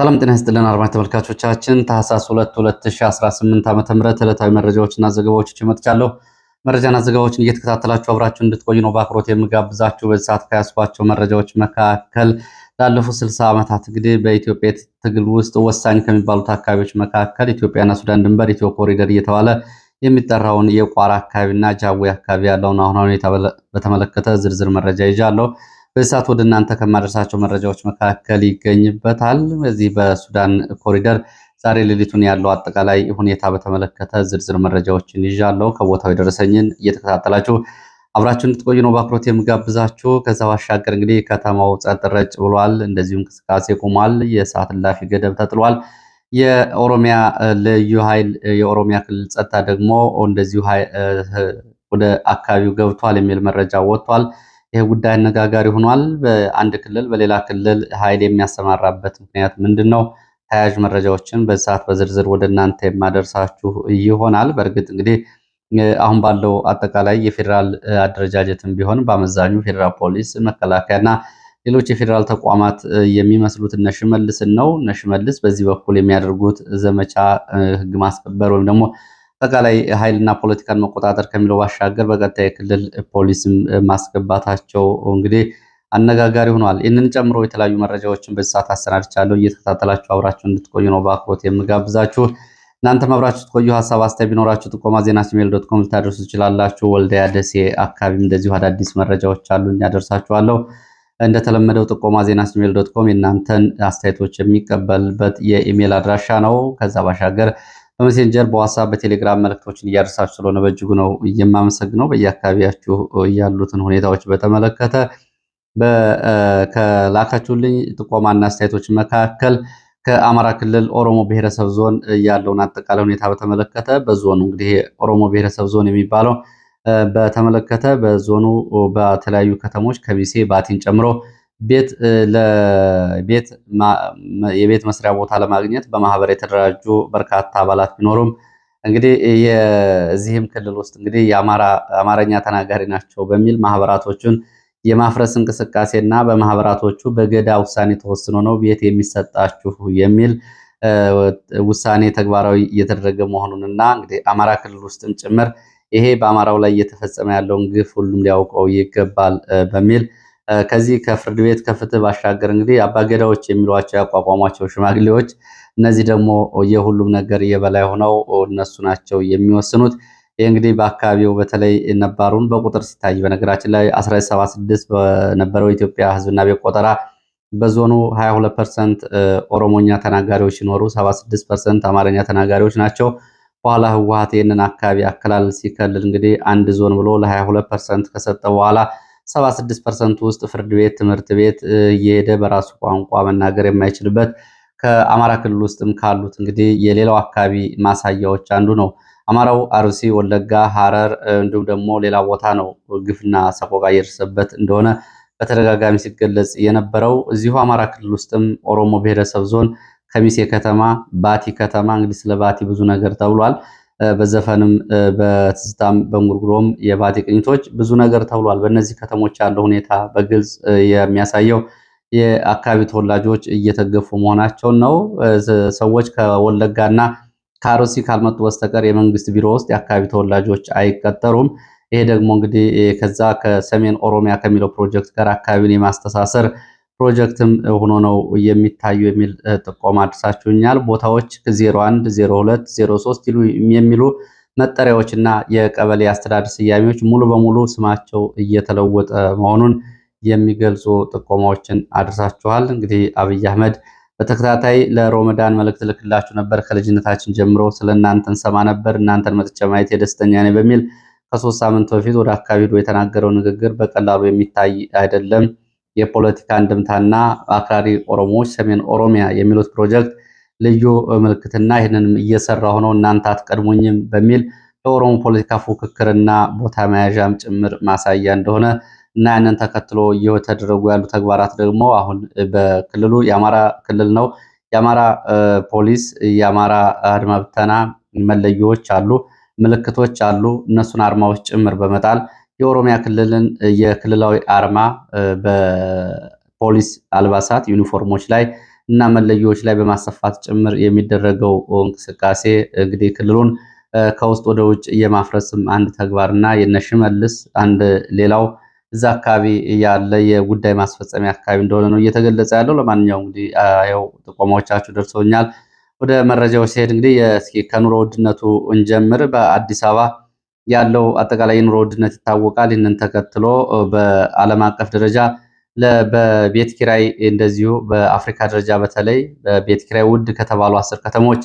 ሰላም ጤና ይስጥልን አድማጭ ተመልካቾቻችን ታህሳስ 2 2018 ዓ.ም ዕለታዊ መረጃዎችና ዘገባዎች ይዤ መጥቻለሁ። መረጃና ዘገባዎችን እየተከታተላችሁ አብራችሁ እንድትቆዩ ነው በአክብሮት የምጋብዛችሁ። በዚህ ሰዓት ከያዝኳቸው መረጃዎች መካከል ላለፉት 60 ዓመታት እንግዲህ በኢትዮጵያ ትግል ውስጥ ወሳኝ ከሚባሉት አካባቢዎች መካከል ኢትዮጵያና ሱዳን ድንበር ኢትዮ ኮሪደር እየተባለ የሚጠራውን የቋራ አካባቢና ጃዊ አካባቢ ያለውን አሁን ሁኔታ በተመለከተ ዝርዝር መረጃ ይዣለሁ። በዚህ ሰዓት ወደ እናንተ ከማደርሳቸው መረጃዎች መካከል ይገኝበታል። በዚህ በሱዳን ኮሪደር ዛሬ ሌሊቱን ያለው አጠቃላይ ሁኔታ በተመለከተ ዝርዝር መረጃዎችን ይዣለሁ። ከቦታው የደረሰኝን እየተከታተላችሁ አብራችሁን እንድትቆዩ ነው በአክብሮት የምጋብዛችሁ። ከዛ ባሻገር እንግዲህ ከተማው ጸጥ ረጭ ብሏል። እንደዚሁ እንቅስቃሴ ቆሟል። የሰዓት እላፊ ገደብ ተጥሏል። የኦሮሚያ ልዩ ኃይል የኦሮሚያ ክልል ጸጥታ ደግሞ እንደዚሁ ወደ አካባቢው ገብቷል የሚል መረጃ ወጥቷል። ይህ ጉዳይ አነጋጋሪ ሆኗል። በአንድ ክልል በሌላ ክልል ኃይል የሚያሰማራበት ምክንያት ምንድን ነው? ተያያዥ መረጃዎችን በዚህ ሰዓት በዝርዝር ወደ እናንተ የማደርሳችሁ ይሆናል። በእርግጥ እንግዲህ አሁን ባለው አጠቃላይ የፌዴራል አደረጃጀትም ቢሆን በአመዛኙ ፌዴራል ፖሊስ፣ መከላከያና ሌሎች የፌዴራል ተቋማት የሚመስሉት እነ ሽመልስን ነው። እነ ሽመልስ በዚህ በኩል የሚያደርጉት ዘመቻ ህግ ማስከበር ወይም ደግሞ አጠቃላይ ኃይልና ፖለቲካን መቆጣጠር ከሚለው ባሻገር በቀጣይ የክልል ፖሊስም ማስገባታቸው እንግዲህ አነጋጋሪ ሆኗል። ይህንን ጨምሮ የተለያዩ መረጃዎችን በዚህ ሰዓት አሰናድቻለሁ። እየተከታተላችሁ አብራችሁ እንድትቆዩ ነው በአክብሮት የምጋብዛችሁ። እናንተም አብራችሁ ትቆዩ። ሀሳብ አስተያየት ቢኖራችሁ ጥቆማ ዜና ጂሜል ዶት ኮም ልታደርሱ ትችላላችሁ። ወልዲያ፣ ደሴ አካባቢም እንደዚሁ አዳዲስ መረጃዎች አሉ፣ እያደርሳችኋለሁ። እንደተለመደው ጥቆማ ዜና ጂሜል ዶት ኮም የእናንተን አስተያየቶች የሚቀበልበት የኢሜል አድራሻ ነው። ከዛ ባሻገር በሜሴንጀር በዋትሳፕ በቴሌግራም መልክቶችን እያደረሳችሁ ስለሆነ በእጅጉ ነው የማመሰግነው። በየአካባቢያችሁ ያሉትን ሁኔታዎች በተመለከተ ከላካችሁልኝ ጥቆማና አስተያየቶች መካከል ከአማራ ክልል ኦሮሞ ብሔረሰብ ዞን ያለውን አጠቃላይ ሁኔታ በተመለከተ በዞኑ እንግዲህ ኦሮሞ ብሔረሰብ ዞን የሚባለው በተመለከተ በዞኑ በተለያዩ ከተሞች ከሚሴ ባቲን ጨምሮ የቤት መስሪያ ቦታ ለማግኘት በማህበር የተደራጁ በርካታ አባላት ቢኖሩም እንግዲህ የዚህም ክልል ውስጥ እንግዲህ የአማርኛ ተናጋሪ ናቸው በሚል ማህበራቶቹን የማፍረስ እንቅስቃሴ እና በማህበራቶቹ በገዳ ውሳኔ ተወስኖ ነው ቤት የሚሰጣችሁ የሚል ውሳኔ ተግባራዊ እየተደረገ እና እንግዲህ አማራ ክልል ውስጥም ጭምር ይሄ በአማራው ላይ እየተፈጸመ ያለውን ግፍ ሁሉም ሊያውቀው ይገባል በሚል ከዚህ ከፍርድ ቤት ከፍትህ ባሻገር እንግዲህ አባገዳዎች የሚሏቸው ያቋቋሟቸው ሽማግሌዎች፣ እነዚህ ደግሞ የሁሉም ነገር የበላይ ሆነው እነሱ ናቸው የሚወስኑት። ይህ እንግዲህ በአካባቢው በተለይ ነባሩን በቁጥር ሲታይ በነገራችን ላይ 176 በነበረው ኢትዮጵያ ህዝብና ቤት ቆጠራ በዞኑ 22 ፐርሰንት ኦሮሞኛ ተናጋሪዎች ሲኖሩ 76 ፐርሰንት አማርኛ ተናጋሪዎች ናቸው። በኋላ ህወሀት ይህንን አካባቢ አከላለል ሲከልል እንግዲህ አንድ ዞን ብሎ ለ22 ፐርሰንት ከሰጠ በኋላ 76 ፐርሰንት ውስጥ ፍርድ ቤት፣ ትምህርት ቤት እየሄደ በራሱ ቋንቋ መናገር የማይችልበት ከአማራ ክልል ውስጥም ካሉት እንግዲህ የሌላው አካባቢ ማሳያዎች አንዱ ነው። አማራው አርሲ፣ ወለጋ፣ ሐረር እንዲሁም ደግሞ ሌላ ቦታ ነው ግፍና ሰቆቃ እየደረሰበት እንደሆነ በተደጋጋሚ ሲገለጽ የነበረው። እዚሁ አማራ ክልል ውስጥም ኦሮሞ ብሔረሰብ ዞን ከሚሴ ከተማ፣ ባቲ ከተማ እንግዲህ ስለ ባቲ ብዙ ነገር ተብሏል። በዘፈንም በትዝታም በእንጉርጉሮም የባቲ ቅኝቶች ብዙ ነገር ተብሏል። በእነዚህ ከተሞች ያለው ሁኔታ በግልጽ የሚያሳየው የአካባቢ ተወላጆች እየተገፉ መሆናቸውን ነው። ሰዎች ከወለጋና ከአርሲ ካልመጡ በስተቀር የመንግስት ቢሮ ውስጥ የአካባቢ ተወላጆች አይቀጠሩም። ይሄ ደግሞ እንግዲህ ከዛ ከሰሜን ኦሮሚያ ከሚለው ፕሮጀክት ጋር አካባቢውን የማስተሳሰር ፕሮጀክትም ሆኖ ነው የሚታዩ የሚል ጥቆማ አድርሳችሁኛል። ቦታዎች 01፣ 02፣ 03 የሚሉ መጠሪያዎች እና የቀበሌ አስተዳደር ስያሜዎች ሙሉ በሙሉ ስማቸው እየተለወጠ መሆኑን የሚገልጹ ጥቆማዎችን አድርሳችኋል። እንግዲህ አብይ አህመድ በተከታታይ ለሮመዳን መልእክት ልክላችሁ ነበር። ከልጅነታችን ጀምሮ ስለ እናንተን ሰማ ነበር፣ እናንተን መጥቼ ማየት የደስተኛ ነኝ በሚል ከሶስት ሳምንት በፊት ወደ አካባቢ ሄዶ የተናገረው ንግግር በቀላሉ የሚታይ አይደለም። የፖለቲካ እንድምታና አክራሪ ኦሮሞዎች ሰሜን ኦሮሚያ የሚሉት ፕሮጀክት ልዩ ምልክትና ይህንንም እየሰራ ሆነው እናንተ አትቀድሞኝም በሚል ለኦሮሞ ፖለቲካ ፉክክርና ቦታ መያዣም ጭምር ማሳያ እንደሆነ እና ያንን ተከትሎ እየተደረጉ ያሉ ተግባራት ደግሞ አሁን በክልሉ የአማራ ክልል ነው። የአማራ ፖሊስ፣ የአማራ አድማ ብተና አሉ፣ ምልክቶች አሉ። እነሱን አርማዎች ጭምር በመጣል የኦሮሚያ ክልልን የክልላዊ አርማ በፖሊስ አልባሳት ዩኒፎርሞች ላይ እና መለያዎች ላይ በማሰፋት ጭምር የሚደረገው እንቅስቃሴ እንግዲህ ክልሉን ከውስጥ ወደ ውጭ የማፍረስም አንድ ተግባር እና የነሽመልስ አንድ ሌላው እዛ አካባቢ ያለ የጉዳይ ማስፈጸሚያ አካባቢ እንደሆነ ነው እየተገለጸ ያለው። ለማንኛውም እንግዲህ ያው ጥቆማዎቻችሁ ደርሶኛል። ወደ መረጃዎች ሲሄድ እንግዲህ ከኑሮ ውድነቱ እንጀምር። በአዲስ አበባ ያለው አጠቃላይ የኑሮ ውድነት ይታወቃል። ይህንን ተከትሎ በዓለም አቀፍ ደረጃ በቤት ኪራይ እንደዚሁ በአፍሪካ ደረጃ በተለይ በቤት ኪራይ ውድ ከተባሉ አስር ከተሞች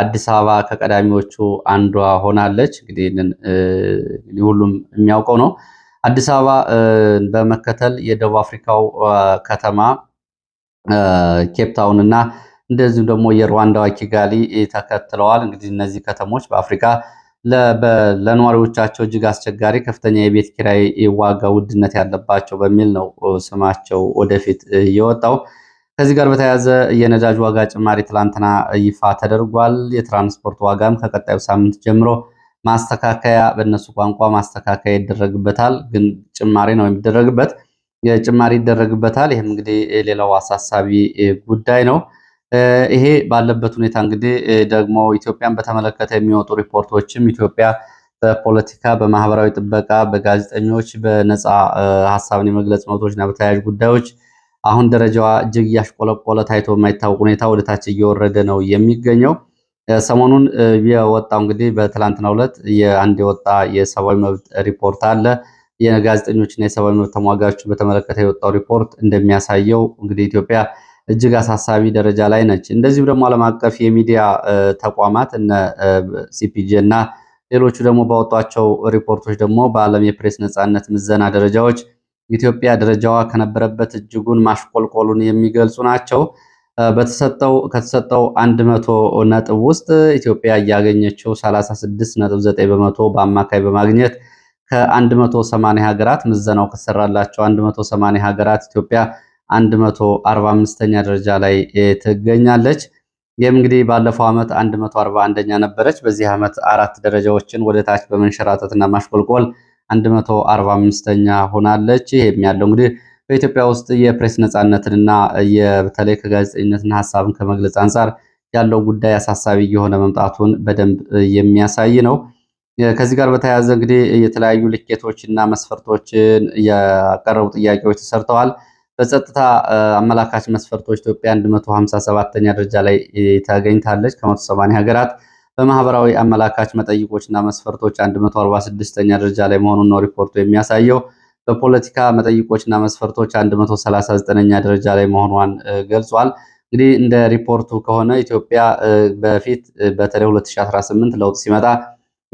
አዲስ አበባ ከቀዳሚዎቹ አንዷ ሆናለች። እንግዲህ ሁሉም የሚያውቀው ነው። አዲስ አበባ በመከተል የደቡብ አፍሪካው ከተማ ኬፕታውን እና እንደዚሁም ደግሞ የሩዋንዳዋ ኪጋሊ ተከትለዋል። እንግዲህ እነዚህ ከተሞች በአፍሪካ ለነዋሪዎቻቸው እጅግ አስቸጋሪ ከፍተኛ የቤት ኪራይ ዋጋ ውድነት ያለባቸው በሚል ነው ስማቸው ወደፊት የወጣው። ከዚህ ጋር በተያያዘ የነዳጅ ዋጋ ጭማሪ ትላንትና ይፋ ተደርጓል። የትራንስፖርት ዋጋም ከቀጣዩ ሳምንት ጀምሮ ማስተካከያ በእነሱ ቋንቋ ማስተካከያ ይደረግበታል። ግን ጭማሪ ነው የሚደረግበት፣ ጭማሪ ይደረግበታል። ይህም እንግዲህ ሌላው አሳሳቢ ጉዳይ ነው። ይሄ ባለበት ሁኔታ እንግዲህ ደግሞ ኢትዮጵያን በተመለከተ የሚወጡ ሪፖርቶችም ኢትዮጵያ በፖለቲካ፣ በማህበራዊ ጥበቃ፣ በጋዜጠኞች፣ በነፃ ሀሳብን የመግለጽ መብቶችና በተያያዥ ጉዳዮች አሁን ደረጃዋ እጅግ እያሽቆለቆለ ታይቶ የማይታወቅ ሁኔታ ወደታች እየወረደ ነው የሚገኘው። ሰሞኑን የወጣው እንግዲህ በትላንትናው ዕለት የአንድ የወጣ የሰብአዊ መብት ሪፖርት አለ። የጋዜጠኞችና የሰብአዊ መብት ተሟጋቾች በተመለከተ የወጣው ሪፖርት እንደሚያሳየው እንግዲህ ኢትዮጵያ እጅግ አሳሳቢ ደረጃ ላይ ነች። እንደዚሁም ደግሞ ዓለም አቀፍ የሚዲያ ተቋማት እነ ሲፒጂ እና ሌሎቹ ደግሞ ባወጧቸው ሪፖርቶች ደግሞ በዓለም የፕሬስ ነፃነት ምዘና ደረጃዎች ኢትዮጵያ ደረጃዋ ከነበረበት እጅጉን ማሽቆልቆሉን የሚገልጹ ናቸው። በተሰጠው ከተሰጠው 100 ነጥብ ውስጥ ኢትዮጵያ እያገኘችው 36.9 በመቶ በአማካይ በማግኘት ከ180 ሀገራት ምዘናው ከተሰራላቸው 180 ሀገራት ኢትዮጵያ 145ኛ ደረጃ ላይ ትገኛለች። ይህም እንግዲህ ባለፈው ዓመት 141ኛ ነበረች። በዚህ ዓመት አራት ደረጃዎችን ወደ ታች በመንሸራተትና ማሽቆልቆል 145ኛ ሆናለች። ይህም ያለው እንግዲህ በኢትዮጵያ ውስጥ የፕሬስ ነጻነትንና በተለይ ከጋዜጠኝነትና ሀሳብን ከመግለጽ አንጻር ያለው ጉዳይ አሳሳቢ እየሆነ መምጣቱን በደንብ የሚያሳይ ነው። ከዚህ ጋር በተያያዘ እንግዲህ የተለያዩ ልኬቶችና መስፈርቶችን ያቀረቡ ጥያቄዎች ተሰርተዋል። በጸጥታ አመላካች መስፈርቶች ኢትዮጵያ 157ኛ ደረጃ ላይ ተገኝታለች ከ180 ሀገራት። በማህበራዊ አመላካች መጠይቆችና መስፈርቶች 146ኛ ደረጃ ላይ መሆኑን ነው ሪፖርቱ የሚያሳየው። በፖለቲካ መጠይቆችና መስፈርቶች 139ኛ ደረጃ ላይ መሆኗን ገልጿል። እንግዲህ እንደ ሪፖርቱ ከሆነ ኢትዮጵያ በፊት በተለይ 2018 ለውጥ ሲመጣ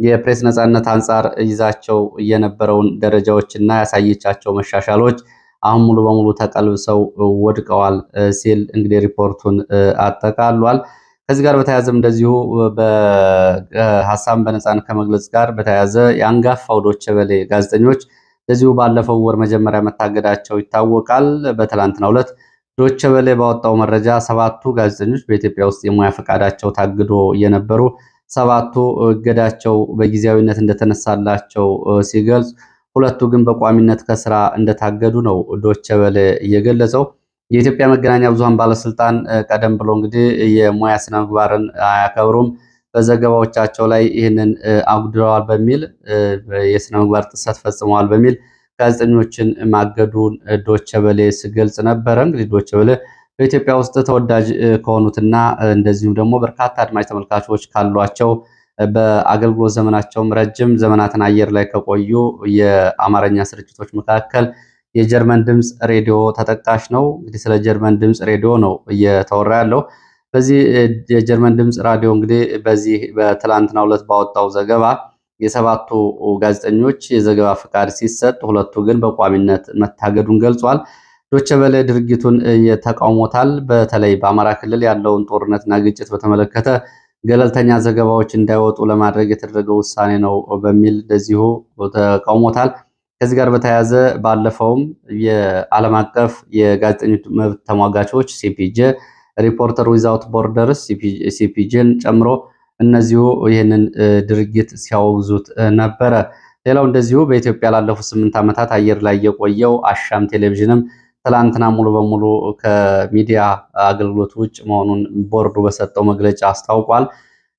የፕሬስ ነፃነት አንጻር ይዛቸው የነበረውን ደረጃዎች እና ያሳየቻቸው መሻሻሎች አሁን ሙሉ በሙሉ ተቀልብሰው ወድቀዋል ሲል እንግዲህ ሪፖርቱን አጠቃሏል። ከዚህ ጋር በተያያዘም እንደዚሁ ሀሳብን በነፃነት ከመግለጽ ጋር በተያያዘ የአንጋፋው ዶቼ ቬለ ጋዜጠኞች እንደዚሁ ባለፈው ወር መጀመሪያ መታገዳቸው ይታወቃል። በትላንትናው ዕለት ዶቼ ቬለ ባወጣው መረጃ ሰባቱ ጋዜጠኞች በኢትዮጵያ ውስጥ የሙያ ፈቃዳቸው ታግዶ የነበሩ ሰባቱ እገዳቸው በጊዜያዊነት እንደተነሳላቸው ሲገልጽ ሁለቱ ግን በቋሚነት ከስራ እንደታገዱ ነው ዶቼ እየገለጸው። የኢትዮጵያ መገናኛ ብዙሃን ባለስልጣን ቀደም ብሎ እንግዲህ የሙያ ስነ ምግባርን አያከብሩም፣ በዘገባዎቻቸው ላይ ይህንን አጉድለዋል በሚል የስነ ምግባር ጥሰት ፈጽመዋል በሚል ጋዜጠኞችን ማገዱን ዶቸበሌ ሲገልጽ ነበረ። እንግዲህ ዶቼ በኢትዮጵያ ውስጥ ተወዳጅ ከሆኑትና እንደዚሁም ደግሞ በርካታ አድማጭ ተመልካቾች ካሏቸው በአገልግሎት ዘመናቸውም ረጅም ዘመናትን አየር ላይ ከቆዩ የአማርኛ ስርጭቶች መካከል የጀርመን ድምፅ ሬዲዮ ተጠቃሽ ነው። እንግዲህ ስለ ጀርመን ድምፅ ሬዲዮ ነው እየተወራ ያለው። በዚህ የጀርመን ድምፅ ራዲዮ እንግዲህ በዚህ በትላንትናው ዕለት ባወጣው ዘገባ የሰባቱ ጋዜጠኞች የዘገባ ፍቃድ ሲሰጥ ሁለቱ ግን በቋሚነት መታገዱን ገልጿል። ዶቸበሌ ድርጊቱን ተቃውሞታል። በተለይ በአማራ ክልል ያለውን ጦርነትና ግጭት በተመለከተ ገለልተኛ ዘገባዎች እንዳይወጡ ለማድረግ የተደረገ ውሳኔ ነው በሚል እንደዚሁ ተቃውሞታል። ከዚህ ጋር በተያያዘ ባለፈውም የዓለም አቀፍ የጋዜጠኞች መብት ተሟጋቾች ሲፒጄ፣ ሪፖርተር ዊዛውት ቦርደርስ ሲፒጄን ጨምሮ እነዚሁ ይህንን ድርጊት ሲያወግዙት ነበረ። ሌላው እንደዚሁ በኢትዮጵያ ላለፉት ስምንት ዓመታት አየር ላይ የቆየው አሻም ቴሌቪዥንም ትላንትና ሙሉ በሙሉ ከሚዲያ አገልግሎት ውጭ መሆኑን ቦርዱ በሰጠው መግለጫ አስታውቋል።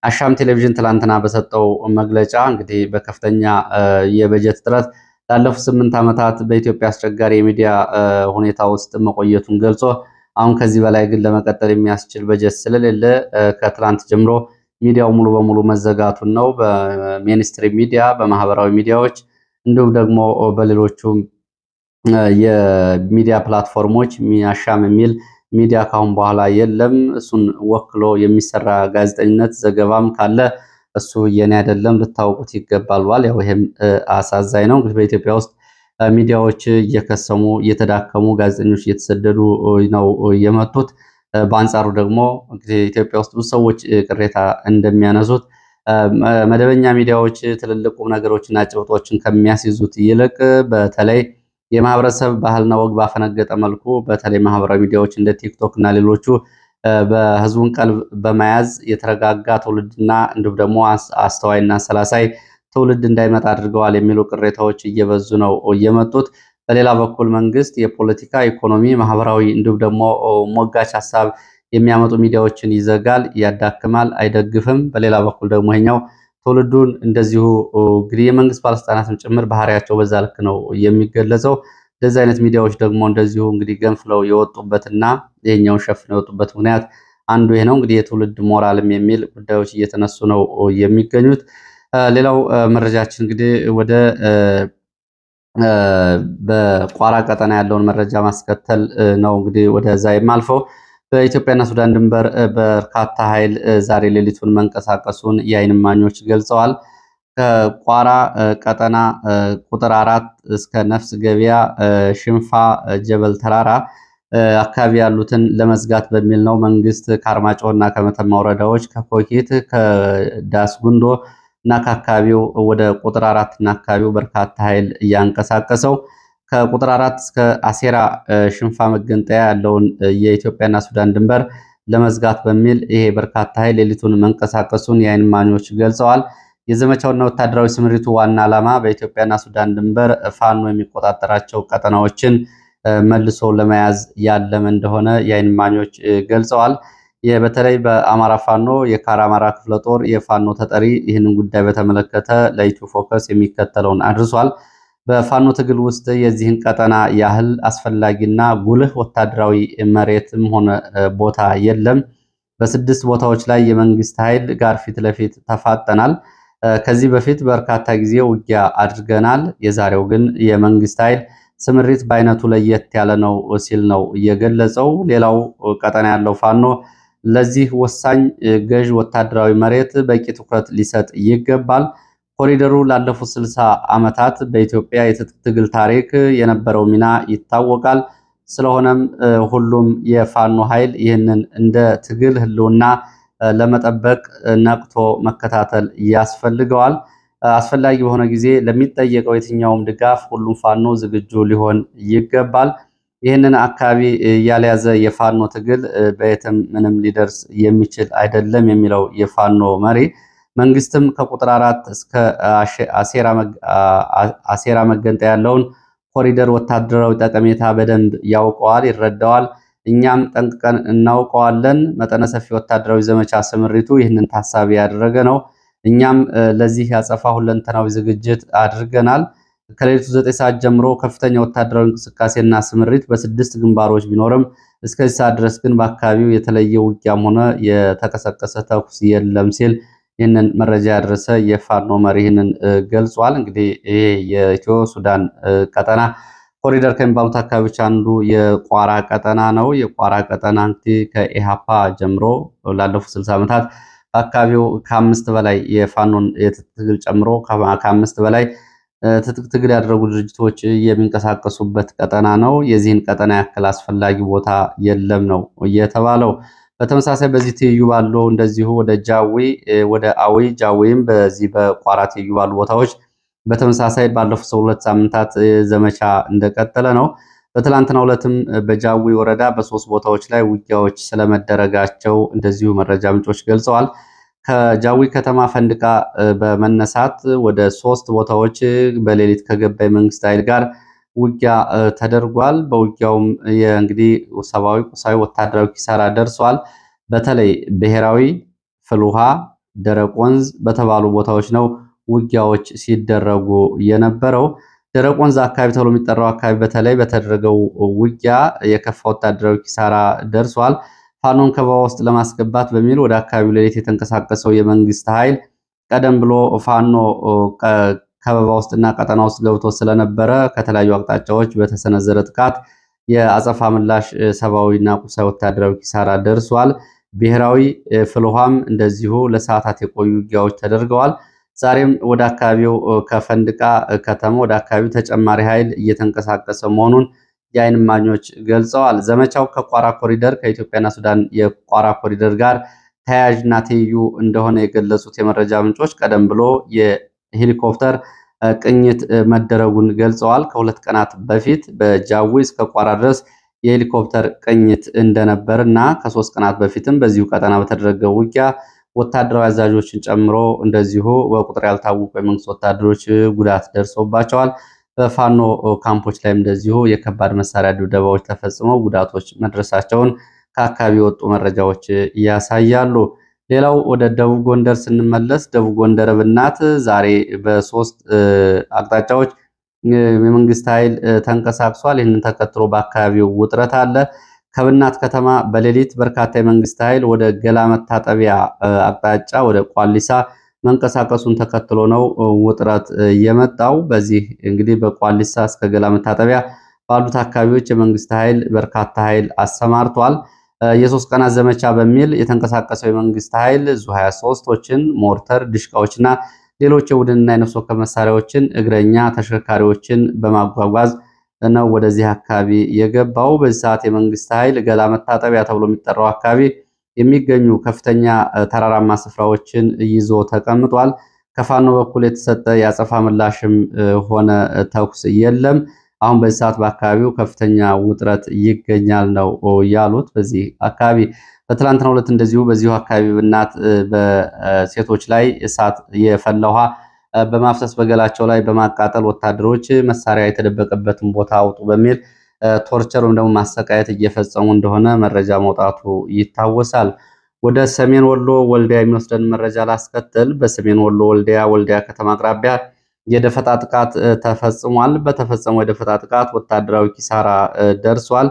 አሻም ቴሌቪዥን ትላንትና በሰጠው መግለጫ እንግዲህ በከፍተኛ የበጀት እጥረት ላለፉት ስምንት ዓመታት በኢትዮጵያ አስቸጋሪ የሚዲያ ሁኔታ ውስጥ መቆየቱን ገልጾ አሁን ከዚህ በላይ ግን ለመቀጠል የሚያስችል በጀት ስለሌለ ከትላንት ጀምሮ ሚዲያው ሙሉ በሙሉ መዘጋቱን ነው። በሚኒስትሪ ሚዲያ፣ በማህበራዊ ሚዲያዎች እንዲሁም ደግሞ በሌሎቹም የሚዲያ ፕላትፎርሞች ሚያሻም የሚል ሚዲያ ካሁን በኋላ የለም። እሱን ወክሎ የሚሰራ ጋዜጠኝነት ዘገባም ካለ እሱ የኔ አይደለም ልታውቁት ይገባል ብሏል። ያው ይሄም አሳዛኝ ነው። እንግዲህ በኢትዮጵያ ውስጥ ሚዲያዎች እየከሰሙ እየተዳከሙ፣ ጋዜጠኞች እየተሰደዱ ነው የመጡት። በአንጻሩ ደግሞ እንግዲህ ኢትዮጵያ ውስጥ ብዙ ሰዎች ቅሬታ እንደሚያነሱት መደበኛ ሚዲያዎች ትልልቁ ነገሮችና ጭብጦችን ከሚያስይዙት ይልቅ በተለይ የማህበረሰብ ባህልና ወግ ባፈነገጠ መልኩ በተለይ ማህበራዊ ሚዲያዎች እንደ ቲክቶክ እና ሌሎቹ በህዝቡን ቀልብ በመያዝ የተረጋጋ ትውልድና እንዲሁም ደግሞ አስተዋይና ሰላሳይ ትውልድ እንዳይመጣ አድርገዋል የሚሉ ቅሬታዎች እየበዙ ነው እየመጡት። በሌላ በኩል መንግስት የፖለቲካ ኢኮኖሚ፣ ማህበራዊ እንዲሁም ደግሞ ሞጋች ሀሳብ የሚያመጡ ሚዲያዎችን ይዘጋል፣ ያዳክማል፣ አይደግፍም። በሌላ በኩል ደግሞ ይሄኛው ትውልዱን እንደዚሁ እንግዲህ የመንግስት ባለስልጣናትም ጭምር ባህሪያቸው በዛ ልክ ነው የሚገለጸው። እንደዚህ አይነት ሚዲያዎች ደግሞ እንደዚሁ እንግዲህ ገንፍለው የወጡበትና ይህኛውን ሸፍነው የወጡበት ምክንያት አንዱ ይሄ ነው። እንግዲህ የትውልድ ሞራልም የሚል ጉዳዮች እየተነሱ ነው የሚገኙት። ሌላው መረጃችን እንግዲህ ወደ በቋራ ቀጠና ያለውን መረጃ ማስከተል ነው እንግዲህ ወደዛ የማልፈው በኢትዮጵያና ሱዳን ድንበር በርካታ ኃይል ዛሬ ሌሊቱን መንቀሳቀሱን የዓይን እማኞች ገልጸዋል። ከቋራ ቀጠና ቁጥር አራት እስከ ነፍስ ገበያ ሽንፋ፣ ጀበል ተራራ አካባቢ ያሉትን ለመዝጋት በሚል ነው መንግስት ከአርማጭሆ እና ከመተማ ወረዳዎች ከኮኬት ከዳስጉንዶ እና ከአካባቢው ወደ ቁጥር አራት እና አካባቢው በርካታ ኃይል እያንቀሳቀሰው ከቁጥር አራት እስከ አሴራ ሽንፋ መገንጠያ ያለውን የኢትዮጵያና ሱዳን ድንበር ለመዝጋት በሚል ይሄ በርካታ ኃይል ሌሊቱን መንቀሳቀሱን የዓይን እማኞች ገልጸዋል። የዘመቻውና ወታደራዊ ስምሪቱ ዋና ዓላማ በኢትዮጵያና ሱዳን ድንበር ፋኖ የሚቆጣጠራቸው ቀጠናዎችን መልሶ ለመያዝ ያለመ እንደሆነ የዓይን እማኞች ገልጸዋል። በተለይ በአማራ ፋኖ የካራ አማራ ክፍለ ጦር የፋኖ ተጠሪ ይህንን ጉዳይ በተመለከተ ለኢትዮ ፎከስ የሚከተለውን አድርሷል። በፋኖ ትግል ውስጥ የዚህን ቀጠና ያህል አስፈላጊና ጉልህ ወታደራዊ መሬትም ሆነ ቦታ የለም። በስድስት ቦታዎች ላይ የመንግስት ኃይል ጋር ፊት ለፊት ተፋጠናል። ከዚህ በፊት በርካታ ጊዜ ውጊያ አድርገናል። የዛሬው ግን የመንግስት ኃይል ስምሪት በአይነቱ ለየት ያለ ነው ሲል ነው የገለጸው። ሌላው ቀጠና ያለው ፋኖ ለዚህ ወሳኝ ገዥ ወታደራዊ መሬት በቂ ትኩረት ሊሰጥ ይገባል። ኮሪደሩ ላለፉት ስልሳ ዓመታት በኢትዮጵያ የትጥቅ ትግል ታሪክ የነበረው ሚና ይታወቃል። ስለሆነም ሁሉም የፋኖ ኃይል ይህንን እንደ ትግል ህልውና ለመጠበቅ ነቅቶ መከታተል ያስፈልገዋል። አስፈላጊ በሆነ ጊዜ ለሚጠየቀው የትኛውም ድጋፍ ሁሉም ፋኖ ዝግጁ ሊሆን ይገባል። ይህንን አካባቢ ያልያዘ የፋኖ ትግል በየትም ምንም ሊደርስ የሚችል አይደለም የሚለው የፋኖ መሪ መንግስትም ከቁጥር አራት እስከ አሴራ መገንጠያ ያለውን ኮሪደር ወታደራዊ ጠቀሜታ በደንብ ያውቀዋል፣ ይረዳዋል። እኛም ጠንቅቀን እናውቀዋለን። መጠነ ሰፊ ወታደራዊ ዘመቻ ስምሪቱ ይህንን ታሳቢ ያደረገ ነው። እኛም ለዚህ ያጸፋ ሁለንተናዊ ዝግጅት አድርገናል። ከሌሊቱ ዘጠኝ ሰዓት ጀምሮ ከፍተኛ ወታደራዊ እንቅስቃሴና ስምሪት በስድስት ግንባሮች ቢኖርም እስከዚህ ሰዓት ድረስ ግን በአካባቢው የተለየ ውጊያም ሆነ የተቀሰቀሰ ተኩስ የለም ሲል ይህንን መረጃ ያደረሰ የፋኖ መሪ ይህንን ገልጿል። እንግዲህ ይሄ የኢትዮ ሱዳን ቀጠና ኮሪደር ከሚባሉት አካባቢዎች አንዱ የቋራ ቀጠና ነው። የቋራ ቀጠና እንግዲህ ከኢሃፓ ጀምሮ ላለፉት ስልሳ ዓመታት በአካባቢው ከአምስት በላይ የፋኖን የትጥቅ ትግል ጨምሮ ከአምስት በላይ ትጥቅ ትግል ያደረጉ ድርጅቶች የሚንቀሳቀሱበት ቀጠና ነው። የዚህን ቀጠና ያክል አስፈላጊ ቦታ የለም ነው የተባለው። በተመሳሳይ በዚህ ትይዩ ባለው እንደዚሁ ወደ ጃዊ ወደ አዊ ጃዊም በዚህ በቋራ ትይዩ ባሉ ቦታዎች በተመሳሳይ ባለፉት ሁለት ሳምንታት ዘመቻ እንደቀጠለ ነው። በትላንትና ሁለትም በጃዊ ወረዳ በሶስት ቦታዎች ላይ ውጊያዎች ስለመደረጋቸው እንደዚሁ መረጃ ምንጮች ገልጸዋል። ከጃዊ ከተማ ፈንድቃ በመነሳት ወደ ሶስት ቦታዎች በሌሊት ከገባ የመንግስት ኃይል ጋር ውጊያ ተደርጓል። በውጊያውም እንግዲህ ሰብአዊ፣ ቁሳዊ፣ ወታደራዊ ኪሳራ ደርሷል። በተለይ ብሔራዊ ፍልውሃ፣ ደረቅ ወንዝ በተባሉ ቦታዎች ነው ውጊያዎች ሲደረጉ የነበረው። ደረቅ ወንዝ አካባቢ ተብሎ የሚጠራው አካባቢ በተለይ በተደረገው ውጊያ የከፋ ወታደራዊ ኪሳራ ደርሷል። ፋኖን ከበባ ውስጥ ለማስገባት በሚል ወደ አካባቢው ሌሊት የተንቀሳቀሰው የመንግስት ኃይል ቀደም ብሎ ፋኖ ከበባ ውስጥና ቀጠና ውስጥ ገብቶ ስለነበረ ከተለያዩ አቅጣጫዎች በተሰነዘረ ጥቃት የአጸፋ ምላሽ ሰብአዊና ቁሳዊ ወታደራዊ ኪሳራ ደርሷል። ብሔራዊ ፍልውሃም እንደዚሁ ለሰዓታት የቆዩ ውጊያዎች ተደርገዋል። ዛሬም ወደ አካባቢው ከፈንድቃ ከተማ ወደ አካባቢው ተጨማሪ ኃይል እየተንቀሳቀሰ መሆኑን የአይን ማኞች ገልጸዋል። ዘመቻው ከቋራ ኮሪደር ከኢትዮጵያና ሱዳን የቋራ ኮሪደር ጋር ተያያዥና ትይዩ እንደሆነ የገለጹት የመረጃ ምንጮች ቀደም ብሎ የሄሊኮፕተር ቅኝት መደረጉን ገልጸዋል። ከሁለት ቀናት በፊት በጃዊ እስከ ቋራ ድረስ የሄሊኮፕተር ቅኝት እንደነበር እና ከሶስት ቀናት በፊትም በዚሁ ቀጠና በተደረገ ውጊያ ወታደራዊ አዛዦችን ጨምሮ እንደዚሁ በቁጥር ያልታወቁ የመንግስት ወታደሮች ጉዳት ደርሶባቸዋል። በፋኖ ካምፖች ላይም እንደዚሁ የከባድ መሳሪያ ድብደባዎች ተፈጽመው ጉዳቶች መድረሳቸውን ከአካባቢ የወጡ መረጃዎች ያሳያሉ። ሌላው ወደ ደቡብ ጎንደር ስንመለስ ደቡብ ጎንደር ብናት ዛሬ በሶስት አቅጣጫዎች የመንግስት ኃይል ተንቀሳቅሷል። ይህንን ተከትሎ በአካባቢው ውጥረት አለ። ከብናት ከተማ በሌሊት በርካታ የመንግስት ኃይል ወደ ገላ መታጠቢያ አቅጣጫ ወደ ቋሊሳ መንቀሳቀሱን ተከትሎ ነው ውጥረት የመጣው። በዚህ እንግዲህ በቋሊሳ እስከ ገላ መታጠቢያ ባሉት አካባቢዎች የመንግስት ኃይል በርካታ ኃይል አሰማርቷል። የሶስት ቀናት ዘመቻ በሚል የተንቀሳቀሰው የመንግስት ኃይል ዙ 23ቶችን፣ ሞርተር ድሽቃዎችና ሌሎች የቡድንና የነፍስ ወከፍ መሳሪያዎችን፣ እግረኛ ተሽከርካሪዎችን በማጓጓዝ ነው ወደዚህ አካባቢ የገባው። በዚህ ሰዓት የመንግስት ኃይል ገላ መታጠቢያ ተብሎ የሚጠራው አካባቢ የሚገኙ ከፍተኛ ተራራማ ስፍራዎችን ይዞ ተቀምጧል። ከፋኖ በኩል የተሰጠ የአጸፋ ምላሽም ሆነ ተኩስ የለም። አሁን በዚህ ሰዓት በአካባቢው ከፍተኛ ውጥረት ይገኛል ነው ያሉት። በዚህ አካባቢ በትላንትና ሁለት እንደዚሁ በዚሁ አካባቢ እናት በሴቶች ላይ እሳት የፈላ ውሃ በማፍሰስ በገላቸው ላይ በማቃጠል ወታደሮች መሳሪያ የተደበቀበትን ቦታ አውጡ በሚል ቶርቸር ወይም ደግሞ ማሰቃየት እየፈጸሙ እንደሆነ መረጃ መውጣቱ ይታወሳል። ወደ ሰሜን ወሎ ወልዲያ የሚወስደን መረጃ ላስከትል። በሰሜን ወሎ ወልዲያ ወልዲያ ከተማ አቅራቢያ የደፈጣ ጥቃት ተፈጽሟል። በተፈጸመው የደፈጣ ጥቃት ወታደራዊ ኪሳራ ደርሷል።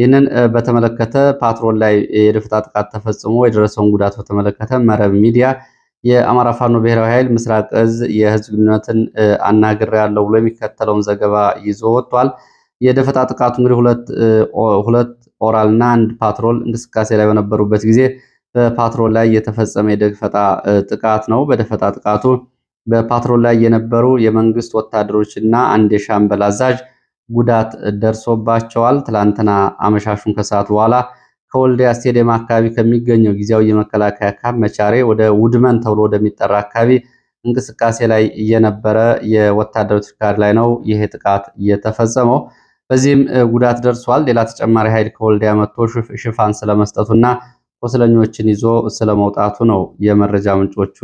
ይህንን በተመለከተ ፓትሮል ላይ የደፈጣ ጥቃት ተፈጽሞ የደረሰውን ጉዳት በተመለከተ መረብ ሚዲያ የአማራ ፋኖ ብሔራዊ ኃይል ምስራቅ እዝ የህዝብ ግንኙነትን አናግሬ ያለው ብሎ የሚከተለውን ዘገባ ይዞ ወጥቷል። የደፈጣ ጥቃቱ እንግዲህ ሁለት ኦራል እና አንድ ፓትሮል እንቅስቃሴ ላይ በነበሩበት ጊዜ በፓትሮል ላይ የተፈጸመ የደፈጣ ጥቃት ነው። በደፈጣ ጥቃቱ በፓትሮል ላይ የነበሩ የመንግስት ወታደሮችና አንድ የሻምበል አዛዥ ጉዳት ደርሶባቸዋል። ትላንትና አመሻሹን ከሰዓት በኋላ ከወልዲያ ስቴዲየም አካባቢ ከሚገኘው ጊዜያዊ የመከላከያ ካምፕ መቻሬ ወደ ውድመን ተብሎ ወደሚጠራ አካባቢ እንቅስቃሴ ላይ የነበረ የወታደሮች ተሽከርካሪ ላይ ነው ይሄ ጥቃት እየተፈጸመው። በዚህም ጉዳት ደርሷል። ሌላ ተጨማሪ ኃይል ከወልዲያ መጥቶ ሽፋን ስለመስጠቱና ቁስለኞችን ይዞ ስለመውጣቱ ነው የመረጃ ምንጮቹ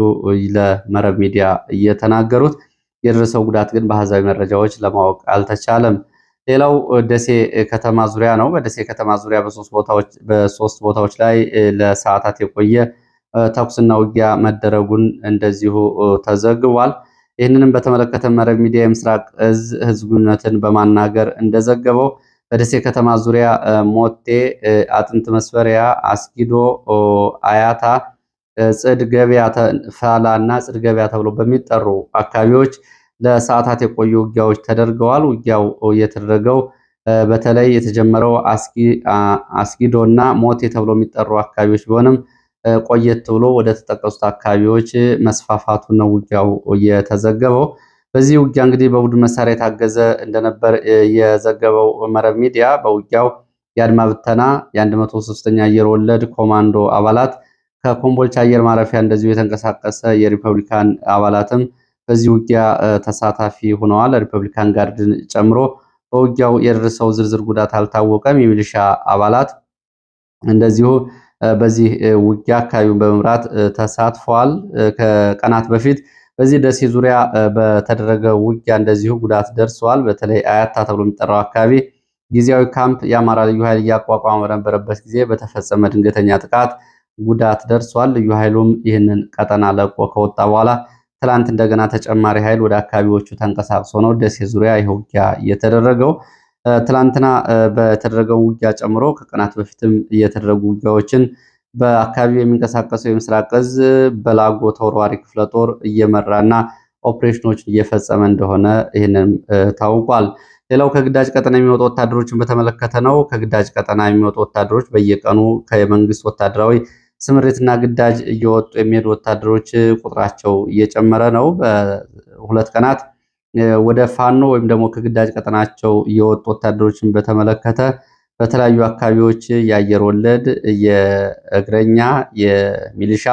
ለመረብ ሚዲያ እየተናገሩት። የደረሰው ጉዳት ግን በአሃዛዊ መረጃዎች ለማወቅ አልተቻለም። ሌላው ደሴ ከተማ ዙሪያ ነው። በደሴ ከተማ ዙሪያ በሶስት ቦታዎች ላይ ለሰዓታት የቆየ ተኩስና ውጊያ መደረጉን እንደዚሁ ተዘግቧል። ይህንንም በተመለከተ መረብ ሚዲያ የምስራቅ እዝ ህዝብነትን በማናገር እንደዘገበው በደሴ ከተማ ዙሪያ ሞቴ፣ አጥንት መስፈሪያ፣ አስጊዶ፣ አያታ፣ ጽድ ገበያ፣ ፋላ እና ጽድ ገበያ ተብሎ በሚጠሩ አካባቢዎች ለሰዓታት የቆዩ ውጊያዎች ተደርገዋል። ውጊያው የተደረገው በተለይ የተጀመረው አስጊዶ እና ሞቴ ተብሎ የሚጠሩ አካባቢዎች ቢሆንም ቆየት ብሎ ወደ ተጠቀሱት አካባቢዎች መስፋፋቱ ነው ውጊያው እየተዘገበው። በዚህ ውጊያ እንግዲህ በቡድን መሳሪያ የታገዘ እንደነበር የዘገበው መረብ ሚዲያ በውጊያው የአድማ ብተና የ103ኛ አየር ወለድ ኮማንዶ አባላት ከኮምቦልቻ አየር ማረፊያ እንደዚሁ የተንቀሳቀሰ የሪፐብሊካን አባላትም በዚህ ውጊያ ተሳታፊ ሆነዋል። ሪፐብሊካን ጋርድን ጨምሮ በውጊያው የደረሰው ዝርዝር ጉዳት አልታወቀም። የሚሊሻ አባላት እንደዚሁ በዚህ ውጊያ አካባቢውን በመምራት ተሳትፈዋል። ከቀናት በፊት በዚህ ደሴ ዙሪያ በተደረገ ውጊያ እንደዚሁ ጉዳት ደርሰዋል። በተለይ አያታ ተብሎ የሚጠራው አካባቢ ጊዜያዊ ካምፕ የአማራ ልዩ ኃይል እያቋቋመ በነበረበት ጊዜ በተፈጸመ ድንገተኛ ጥቃት ጉዳት ደርሷል። ልዩ ኃይሉም ይህንን ቀጠና ለቆ ከወጣ በኋላ ትላንት እንደገና ተጨማሪ ኃይል ወደ አካባቢዎቹ ተንቀሳቅሶ ነው ደሴ ዙሪያ ይህ ውጊያ የተደረገው። ትላንትና በተደረገው ውጊያ ጨምሮ ከቀናት በፊትም እየተደረጉ ውጊያዎችን በአካባቢው የሚንቀሳቀሰው የምስራቅ እዝ በላጎ ተወርዋሪ ክፍለ ጦር እየመራና ኦፕሬሽኖችን እየፈጸመ እንደሆነ ይህንን ታውቋል። ሌላው ከግዳጅ ቀጠና የሚወጡ ወታደሮችን በተመለከተ ነው። ከግዳጅ ቀጠና የሚወጡ ወታደሮች በየቀኑ ከመንግስት ወታደራዊ ስምሪትና ግዳጅ እየወጡ የሚሄዱ ወታደሮች ቁጥራቸው እየጨመረ ነው። በሁለት ቀናት ወደ ፋኖ ወይም ደግሞ ከግዳጅ ቀጠናቸው እየወጡ ወታደሮችን በተመለከተ በተለያዩ አካባቢዎች የአየር ወለድ የእግረኛ የሚሊሻ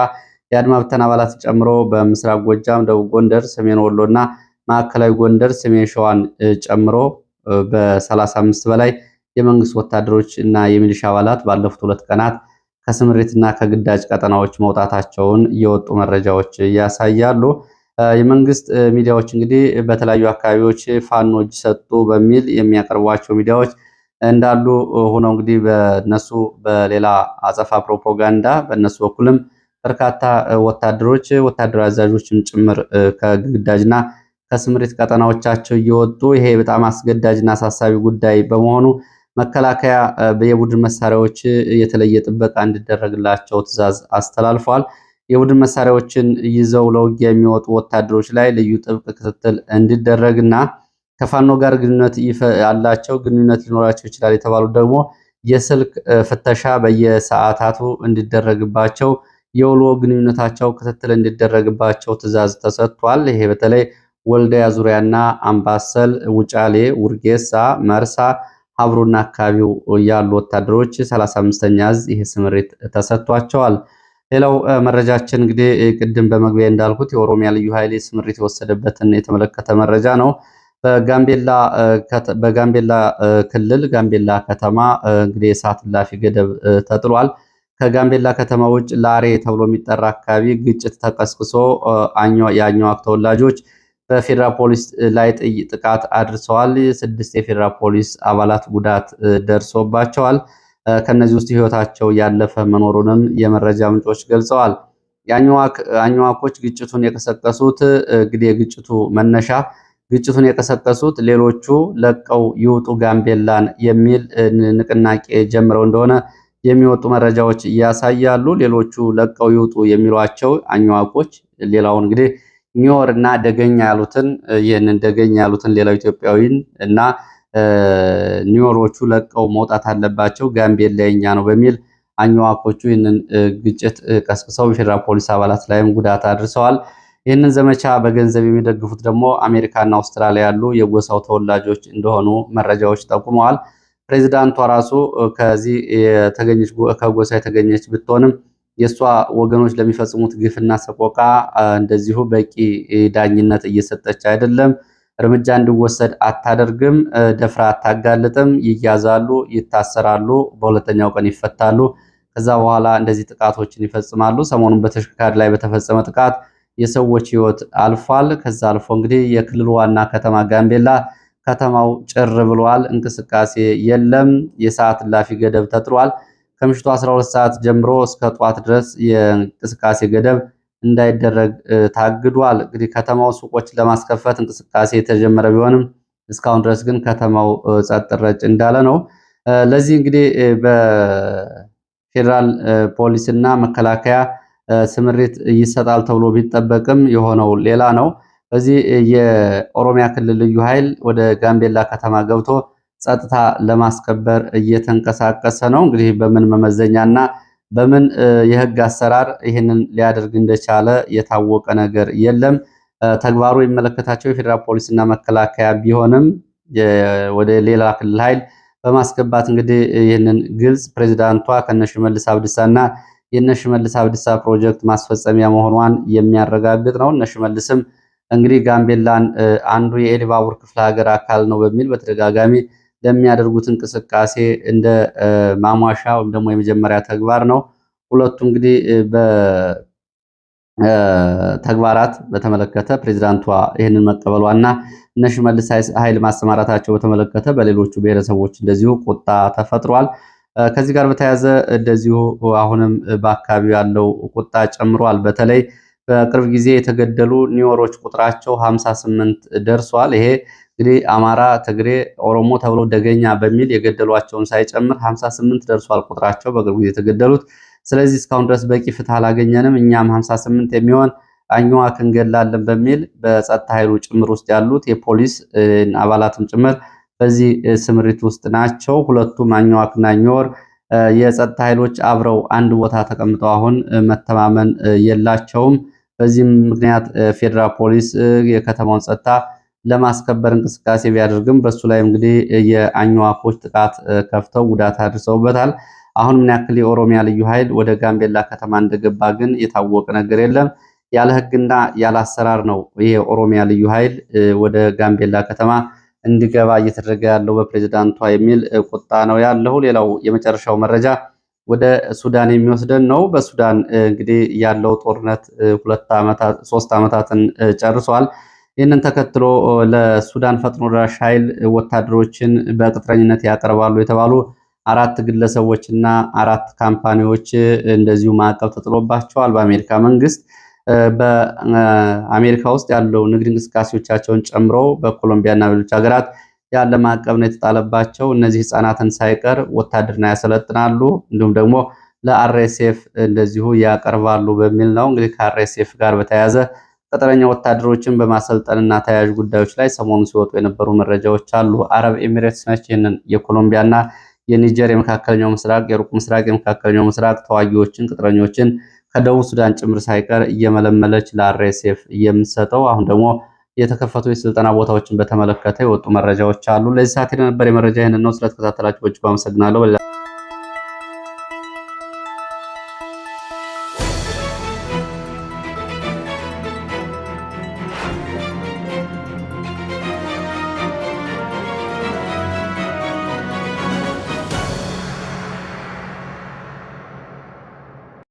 የአድማ ብተና አባላትን ጨምሮ በምስራቅ ጎጃም፣ ደቡብ ጎንደር፣ ሰሜን ወሎ እና ማዕከላዊ ጎንደር ሰሜን ሸዋን ጨምሮ በ35 በላይ የመንግስት ወታደሮች እና የሚሊሻ አባላት ባለፉት ሁለት ቀናት ከስምሪትና ከግዳጅ ቀጠናዎች መውጣታቸውን የወጡ መረጃዎች ያሳያሉ። የመንግስት ሚዲያዎች እንግዲህ በተለያዩ አካባቢዎች ፋኖ እጅ ሰጡ በሚል የሚያቀርቧቸው ሚዲያዎች እንዳሉ ሆነው እንግዲህ በነሱ በሌላ አጸፋ ፕሮፓጋንዳ በነሱ በኩልም በርካታ ወታደሮች ወታደራዊ አዛዦችም ጭምር ከግዳጅና ከስምሪት ቀጠናዎቻቸው እየወጡ ይሄ በጣም አስገዳጅና አሳሳቢ ጉዳይ በመሆኑ መከላከያ የቡድን መሳሪያዎች የተለየ ጥበቃ እንዲደረግላቸው ትዕዛዝ አስተላልፏል። የቡድን መሳሪያዎችን ይዘው ለውጊያ የሚወጡ ወታደሮች ላይ ልዩ ጥብቅ ክትትል እንዲደረግና ከፋኖ ጋር ግንኙነት ያላቸው ግንኙነት ሊኖራቸው ይችላል የተባሉት ደግሞ የስልክ ፍተሻ በየሰዓታቱ እንዲደረግባቸው የውሎ ግንኙነታቸው ክትትል እንዲደረግባቸው ትዕዛዝ ተሰጥቷል። ይሄ በተለይ ወልዳ ዙሪያና አምባሰል፣ ውጫሌ፣ ውርጌሳ፣ መርሳ፣ ሀብሩና አካባቢው ያሉ ወታደሮች 35ኛ እዝ ይሄ ስምሪት ተሰጥቷቸዋል። ሌላው መረጃችን እንግዲህ ቅድም በመግቢያ እንዳልኩት የኦሮሚያ ልዩ ኃይል ስምሪት የወሰደበትን የተመለከተ መረጃ ነው። በጋምቤላ ክልል ጋምቤላ ከተማ እንግዲህ የሰዓት እላፊ ገደብ ተጥሏል። ከጋምቤላ ከተማ ውጭ ላሬ ተብሎ የሚጠራ አካባቢ ግጭት ተቀስቅሶ የአኝዋክ ተወላጆች በፌዴራል ፖሊስ ላይ ጥቃት አድርሰዋል። ስድስት የፌዴራል ፖሊስ አባላት ጉዳት ደርሶባቸዋል። ከነዚህ ውስጥ ህይወታቸው ያለፈ መኖሩንም የመረጃ ምንጮች ገልጸዋል። የአኝዋኮች ግጭቱን የቀሰቀሱት እንግዲህ የግጭቱ መነሻ ግጭቱን የቀሰቀሱት ሌሎቹ ለቀው ይውጡ ጋምቤላን የሚል ንቅናቄ ጀምረው እንደሆነ የሚወጡ መረጃዎች ያሳያሉ። ሌሎቹ ለቀው ይውጡ የሚሏቸው አኝዋቆች፣ ሌላው እንግዲህ ኒዮር እና ደገኛ ያሉትን ይህንን ደገኛ ያሉትን ሌላው ኢትዮጵያዊን እና ኒወሮቹ ለቀው መውጣት አለባቸው ጋምቤላ ነው በሚል አኝዋቆቹ ይህንን ግጭት ቀስቅሰው የፌዴራል ፖሊስ አባላት ላይም ጉዳት አድርሰዋል። ይህንን ዘመቻ በገንዘብ የሚደግፉት ደግሞ አሜሪካና አውስትራሊያ ያሉ የጎሳው ተወላጆች እንደሆኑ መረጃዎች ጠቁመዋል። ፕሬዚዳንቷ ራሱ ከዚህ የተገኘች ከጎሳ የተገኘች ብትሆንም የእሷ ወገኖች ለሚፈጽሙት ግፍና ሰቆቃ እንደዚሁ በቂ ዳኝነት እየሰጠች አይደለም፣ እርምጃ እንዲወሰድ አታደርግም፣ ደፍራ አታጋልጥም፣ ይያዛሉ፣ ይታሰራሉ፣ በሁለተኛው ቀን ይፈታሉ። ከዛ በኋላ እንደዚህ ጥቃቶችን ይፈጽማሉ። ሰሞኑን በተሽከርካሪ ላይ በተፈጸመ ጥቃት የሰዎች ህይወት አልፏል። ከዛ አልፎ እንግዲህ የክልሉ ዋና ከተማ ጋምቤላ ከተማው ጭር ብሏል። እንቅስቃሴ የለም። የሰዓት እላፊ ገደብ ተጥሏል። ከምሽቱ 12 ሰዓት ጀምሮ እስከ ጧት ድረስ የእንቅስቃሴ ገደብ እንዳይደረግ ታግዷል። እንግዲህ ከተማው ሱቆችን ለማስከፈት እንቅስቃሴ የተጀመረ ቢሆንም እስካሁን ድረስ ግን ከተማው ጸጥ ረጭ እንዳለ ነው። ለዚህ እንግዲህ በፌዴራል ፖሊስና መከላከያ ስምሪት ይሰጣል ተብሎ ቢጠበቅም የሆነው ሌላ ነው። በዚህ የኦሮሚያ ክልል ልዩ ኃይል ወደ ጋምቤላ ከተማ ገብቶ ጸጥታ ለማስከበር እየተንቀሳቀሰ ነው። እንግዲህ በምን መመዘኛና በምን የህግ አሰራር ይህንን ሊያደርግ እንደቻለ የታወቀ ነገር የለም። ተግባሩ የሚመለከታቸው የፌዴራል ፖሊስና መከላከያ ቢሆንም ወደ ሌላ ክልል ኃይል በማስገባት እንግዲህ ይህንን ግልጽ ፕሬዚዳንቷ ከነ ሽመልስ አብዲሳና የእነ ሽመልስ አብዲሳ ፕሮጀክት ማስፈጸሚያ መሆኗን የሚያረጋግጥ ነው። እነ ሽመልስም እንግዲህ ጋምቤላን አንዱ የኤሊባቡር ክፍለ ሀገር አካል ነው በሚል በተደጋጋሚ ለሚያደርጉት እንቅስቃሴ እንደ ማሟሻ ወይም ደግሞ የመጀመሪያ ተግባር ነው። ሁለቱ እንግዲህ በተግባራት በተመለከተ ፕሬዚዳንቷ ይህንን እና እነ ሽመልስ ኃይል ማሰማራታቸው በተመለከተ በሌሎቹ ብሔረሰቦች እንደዚሁ ቁጣ ተፈጥሯል። ከዚህ ጋር በተያያዘ እንደዚሁ አሁንም በአካባቢው ያለው ቁጣ ጨምሯል። በተለይ በቅርብ ጊዜ የተገደሉ ኒወሮች ቁጥራቸው 58 ደርሷል። ይሄ እንግዲህ አማራ፣ ትግሬ፣ ኦሮሞ ተብሎ ደገኛ በሚል የገደሏቸውን ሳይጨምር 58 ደርሷል ቁጥራቸው በቅርብ ጊዜ የተገደሉት። ስለዚህ እስካሁን ድረስ በቂ ፍትህ አላገኘንም፣ እኛም 58 የሚሆን አኝዋክ እንገላለን በሚል በጸጥታ ኃይሉ ጭምር ውስጥ ያሉት የፖሊስ አባላትም ጭምር በዚህ ስምሪት ውስጥ ናቸው። ሁለቱም አኝዋክ እና የጸጥታ ኃይሎች አብረው አንድ ቦታ ተቀምጠው አሁን መተማመን የላቸውም። በዚህም ምክንያት ፌዴራል ፖሊስ የከተማውን ጸጥታ ለማስከበር እንቅስቃሴ ቢያደርግም በሱ ላይ እንግዲህ የአኝዋኮች ጥቃት ከፍተው ጉዳት አድርሰውበታል። አሁን ምን ያክል የኦሮሚያ ልዩ ኃይል ወደ ጋምቤላ ከተማ እንደገባ ግን የታወቀ ነገር የለም። ያለ ሕግና ያለ አሰራር ነው ይሄ የኦሮሚያ ልዩ ኃይል ወደ ጋምቤላ ከተማ እንዲገባ እየተደረገ ያለው በፕሬዝዳንቷ የሚል ቁጣ ነው ያለው። ሌላው የመጨረሻው መረጃ ወደ ሱዳን የሚወስደን ነው። በሱዳን እንግዲህ ያለው ጦርነት ሶስት ዓመታትን ጨርሷል። ይህንን ተከትሎ ለሱዳን ፈጥኖ ደራሽ ኃይል ወታደሮችን በቅጥረኝነት ያቀርባሉ የተባሉ አራት ግለሰቦች እና አራት ካምፓኒዎች እንደዚሁ ማዕቀብ ተጥሎባቸዋል በአሜሪካ መንግስት። በአሜሪካ ውስጥ ያለው ንግድ እንቅስቃሴዎቻቸውን ጨምሮ በኮሎምቢያ እና በሌሎች ሀገራት ያለ ማዕቀብ ነው የተጣለባቸው። እነዚህ ህጻናትን ሳይቀር ወታደርና ያሰለጥናሉ እንዲሁም ደግሞ ለአርኤስኤፍ እንደዚሁ ያቀርባሉ በሚል ነው። እንግዲህ ከአርኤስኤፍ ጋር በተያያዘ ቅጥረኛ ወታደሮችን በማሰልጠንና ተያያዥ ጉዳዮች ላይ ሰሞኑ ሲወጡ የነበሩ መረጃዎች አሉ። አረብ ኤሚሬትስ ነች ይህንን የኮሎምቢያና የኒጀር የመካከለኛው ምስራቅ የሩቅ ምስራቅ የመካከለኛው ምስራቅ ተዋጊዎችን ቅጥረኞችን ከደቡብ ሱዳን ጭምር ሳይቀር እየመለመለች ለአርኤስኤፍ የምትሰጠው። አሁን ደግሞ የተከፈቱ የስልጠና ቦታዎችን በተመለከተ የወጡ መረጃዎች አሉ። ለዚህ ሰዓት የነበር የመረጃ ይህንን ነው። ስለተከታተላችሁ በእጅጉ አመሰግናለሁ።